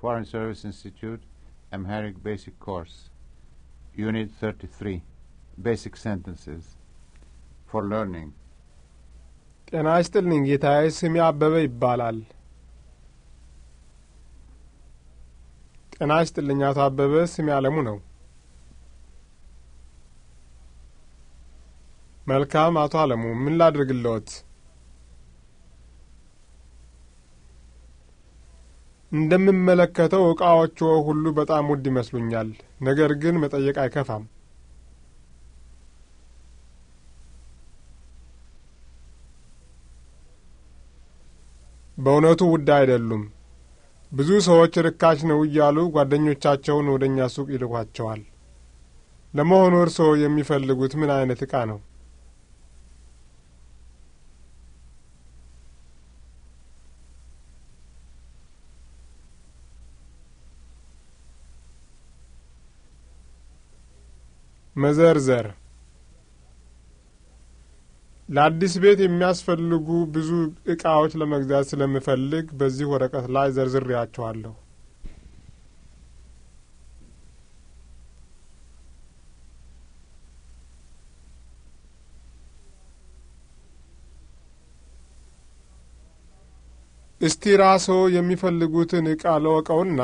Foreign Service Institute Amharic Basic Course Unit 33 Basic Sentences for Learning ጤና ይስጥልኝ ጌታዬ። ስሜ አበበ ይባላል። ጤና ይስጥልኝ አቶ አበበ። ስሜ አለሙ ነው። መልካም አቶ አለሙ፣ ምን ላድርግልዎት? እንደምመለከተው ዕቃዎችዎ ሁሉ በጣም ውድ ይመስሉኛል። ነገር ግን መጠየቅ አይከፋም። በእውነቱ ውድ አይደሉም። ብዙ ሰዎች ርካሽ ነው እያሉ ጓደኞቻቸውን ወደ እኛ ሱቅ ይልኳቸዋል። ለመሆኑ እርስዎ የሚፈልጉት ምን አይነት ዕቃ ነው? መዘርዘር ለአዲስ ቤት የሚያስፈልጉ ብዙ እቃዎች ለመግዛት ስለምፈልግ በዚህ ወረቀት ላይ ዘርዝሬያቸዋለሁ። እስቲ ራስዎ የሚፈልጉትን እቃ ለወቀውና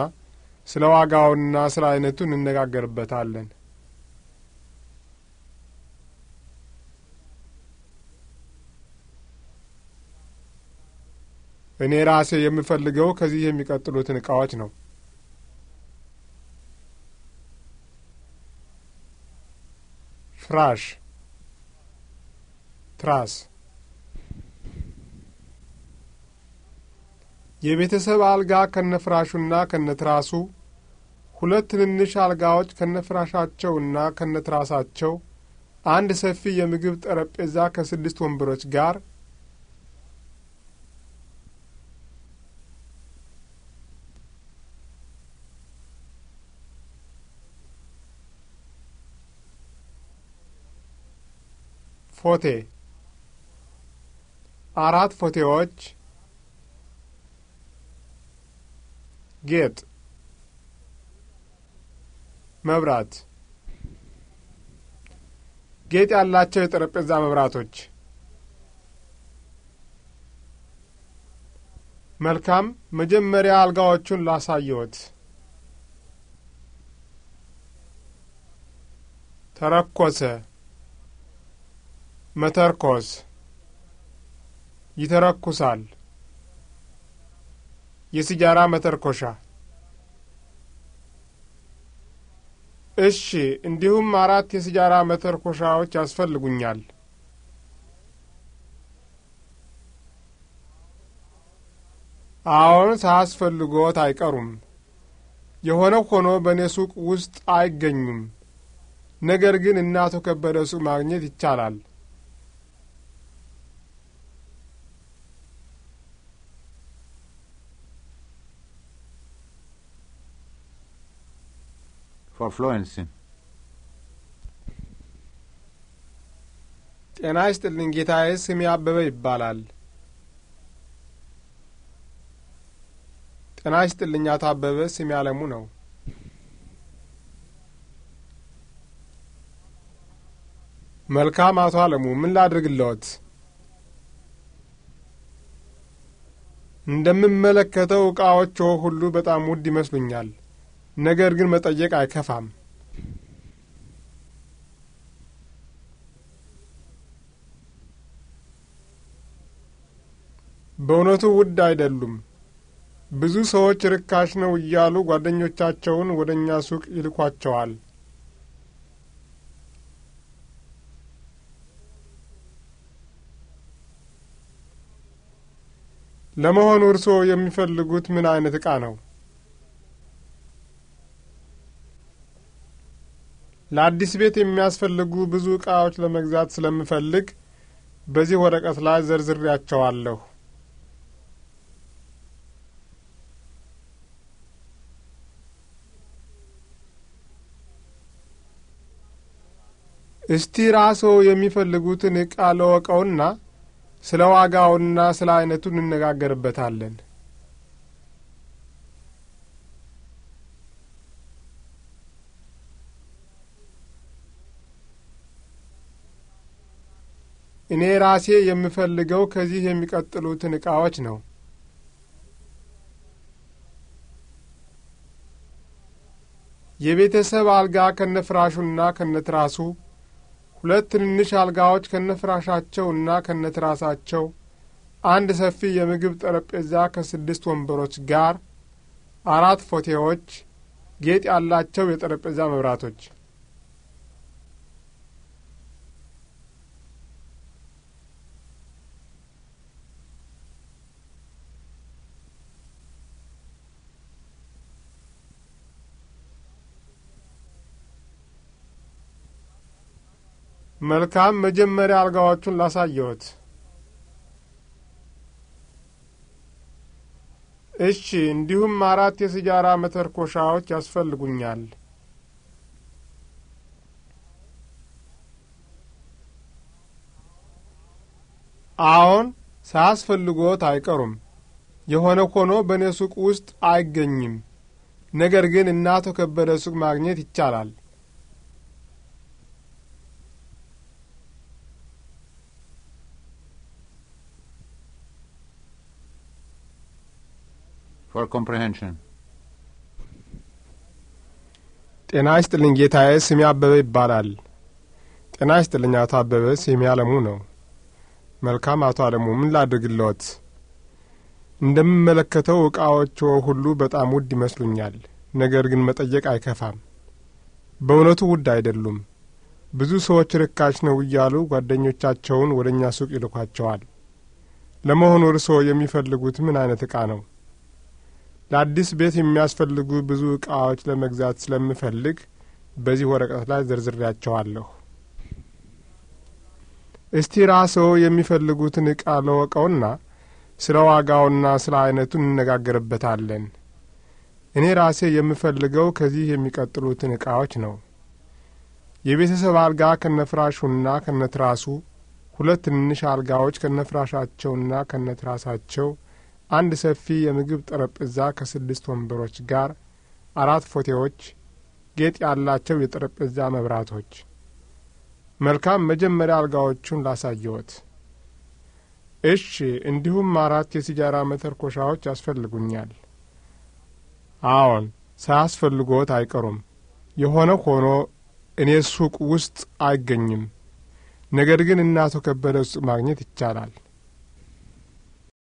ስለ ዋጋውና ስለ አይነቱ እንነጋገርበታለን። እኔ ራሴ የምፈልገው ከዚህ የሚቀጥሉትን እቃዎች ነው። ፍራሽ፣ ትራስ። የቤተሰብ አልጋ ከነ ከነ ትራሱ ሁለት ትንንሽ አልጋዎች ከነ ከነ ከነትራሳቸው፣ አንድ ሰፊ የምግብ ጠረጴዛ ከስድስት ወንበሮች ጋር ፎቴ አራት ፎቴዎች ጌጥ መብራት ጌጥ ያላቸው የጠረጴዛ መብራቶች መልካም መጀመሪያ አልጋዎቹን ላሳየዎት ተረኮሰ መተርኮስ ይተረኩሳል። የሲጃራ መተርኮሻ እሺ፣ እንዲሁም አራት የሲጃራ መተርኮሻዎች ያስፈልጉኛል። አዎን፣ ሳያስፈልጎት አይቀሩም። የሆነ ሆኖ በእኔ ሱቅ ውስጥ አይገኙም። ነገር ግን እናቶ ከበደ ሱቅ ማግኘት ይቻላል። for er fluency. ጤና ይስጥልኝ ጌታዬ፣ ስሜ አበበ ይባላል። ጤና ይስጥልኝ አቶ አበበ፣ ስሜ አለሙ ነው። መልካም አቶ አለሙ፣ ምን ላድርግልዎት? እንደምመለከተው ዕቃዎችዎ ሁሉ በጣም ውድ ይመስሉኛል። ነገር ግን መጠየቅ አይከፋም። በእውነቱ ውድ አይደሉም። ብዙ ሰዎች ርካሽ ነው እያሉ ጓደኞቻቸውን ወደ እኛ ሱቅ ይልኳቸዋል። ለመሆኑ እርስዎ የሚፈልጉት ምን አይነት ዕቃ ነው? ለአዲስ ቤት የሚያስፈልጉ ብዙ ዕቃዎች ለመግዛት ስለምፈልግ በዚህ ወረቀት ላይ ዘርዝሬያቸዋለሁ። እስቲ ራስዎ የሚፈልጉትን ዕቃ ለወቀውና ስለ ዋጋውና ስለ አይነቱ እንነጋገርበታለን። እኔ ራሴ የምፈልገው ከዚህ የሚቀጥሉትን ዕቃዎች ነው። የቤተሰብ አልጋ ከነፍራሹና ከነትራሱ፣ ሁለት ትንንሽ አልጋዎች ከነፍራሻቸውና ከነትራሳቸው፣ አንድ ሰፊ የምግብ ጠረጴዛ ከስድስት ወንበሮች ጋር፣ አራት ፎቴዎች፣ ጌጥ ያላቸው የጠረጴዛ መብራቶች መልካም መጀመሪያ አልጋዎቹን ላሳየሁት። እሺ፣ እንዲሁም አራት የስጃራ መተርኮሻዎች ያስፈልጉኛል። አዎን፣ ሳያስፈልጎት አይቀሩም። የሆነ ሆኖ በእኔ ሱቅ ውስጥ አይገኝም። ነገር ግን እናቶ ከበደ ሱቅ ማግኘት ይቻላል። for comprehension. ጤና ይስጥልኝ ጌታዬ፣ ስሜ አበበ ይባላል። ጤና ይስጥልኝ አቶ አበበ፣ ስሜ አለሙ ነው። መልካም አቶ አለሙ፣ ምን ላድርግልዎት? እንደምመለከተው ዕቃዎችዎ ሁሉ በጣም ውድ ይመስሉኛል። ነገር ግን መጠየቅ አይከፋም። በእውነቱ ውድ አይደሉም። ብዙ ሰዎች ርካሽ ነው እያሉ ጓደኞቻቸውን ወደ እኛ ሱቅ ይልኳቸዋል። ለመሆኑ እርስዎ የሚፈልጉት ምን አይነት ዕቃ ነው? ለአዲስ ቤት የሚያስፈልጉ ብዙ እቃዎች ለመግዛት ስለምፈልግ በዚህ ወረቀት ላይ ዘርዝሬያቸዋለሁ። እስቲ ራስዎ የሚፈልጉትን ዕቃ ለወቀውና ስለ ዋጋውና ስለ አይነቱ እንነጋገርበታለን። እኔ ራሴ የምፈልገው ከዚህ የሚቀጥሉትን ዕቃዎች ነው። የቤተሰብ አልጋ ከነፍራሹና ከነትራሱ፣ ሁለት ትንሽ አልጋዎች ከነፍራሻቸውና ከነትራሳቸው አንድ ሰፊ የምግብ ጠረጴዛ ከስድስት ወንበሮች ጋር፣ አራት ፎቴዎች፣ ጌጥ ያላቸው የጠረጴዛ መብራቶች። መልካም መጀመሪያ አልጋዎቹን ላሳየዎት። እሺ፣ እንዲሁም አራት የሲጃራ መተርኮሻዎች ያስፈልጉኛል። አዎን፣ ሳያስፈልግዎት አይቀሩም። የሆነ ሆኖ እኔ ሱቅ ውስጥ አይገኝም። ነገር ግን እናቶ ከበደ ውስጥ ማግኘት ይቻላል።